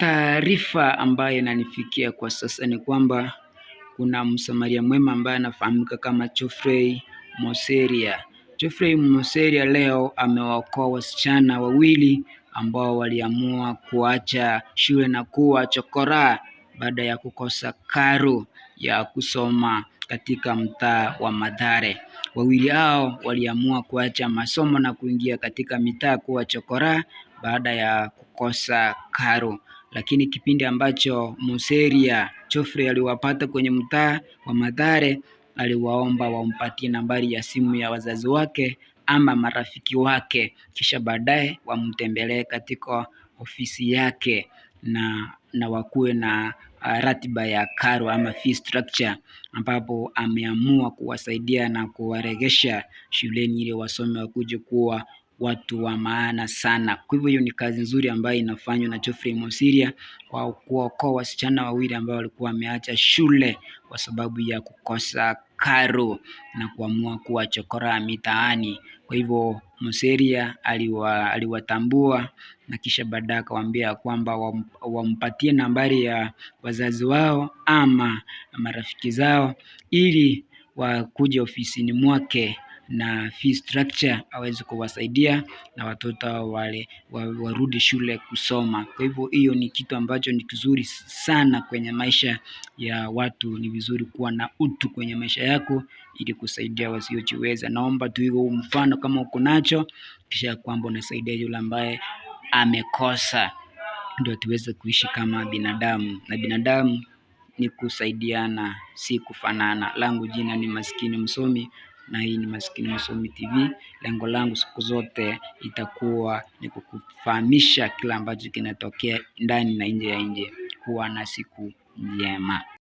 Taarifa ambayo inanifikia kwa sasa ni kwamba kuna msamaria mwema ambaye anafahamika kama Geoffrey Moseria. Geoffrey Moseria leo amewaokoa wasichana wawili ambao waliamua kuacha shule na kuwa chokoraa baada ya kukosa karo ya kusoma katika mtaa wa Mathare. Wawili hao waliamua kuacha masomo na kuingia katika mitaa kuwa chokoraa baada ya kukosa karo lakini kipindi ambacho Museria Chofre aliwapata kwenye mtaa wa madhare aliwaomba wampatie nambari ya simu ya wazazi wake ama marafiki wake, kisha baadaye wamtembelee katika ofisi yake na na wakuwe na uh, ratiba ya karo ama fee structure, ambapo ameamua kuwasaidia na kuwaregesha shuleni ili wasome wakuje kuwa watu wa maana sana. Kwa hivyo hiyo ni kazi nzuri ambayo inafanywa na Geoffrey Mosiria kwa kuokoa wasichana wawili ambao walikuwa wameacha shule kwa sababu ya kukosa karo na kuamua kuwa chokora mitaani. Kwa hivyo Mosiria aliwa, aliwatambua na kisha baadaye akawaambia kwamba wampatie nambari ya wazazi wao ama marafiki zao ili wakuje ofisini mwake na fee structure aweze kuwasaidia na watoto wale warudi shule kusoma. Kwa hivyo hiyo ni kitu ambacho ni kizuri sana kwenye maisha ya watu. Ni vizuri kuwa na utu kwenye maisha yako ili kusaidia wasiojiweza. Naomba tu hiyo mfano kama uko nacho, kisha kwamba unasaidia yule ambaye amekosa, ndio tuweze kuishi kama binadamu, na binadamu ni kusaidiana, si kufanana. Langu jina ni Maskini Msomi na hii ni Maskini Msomi TV. Lengo langu siku zote itakuwa ni kukufahamisha kila ambacho kinatokea ndani na nje ya nje. Kuwa na siku njema.